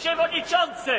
Przewodniczący!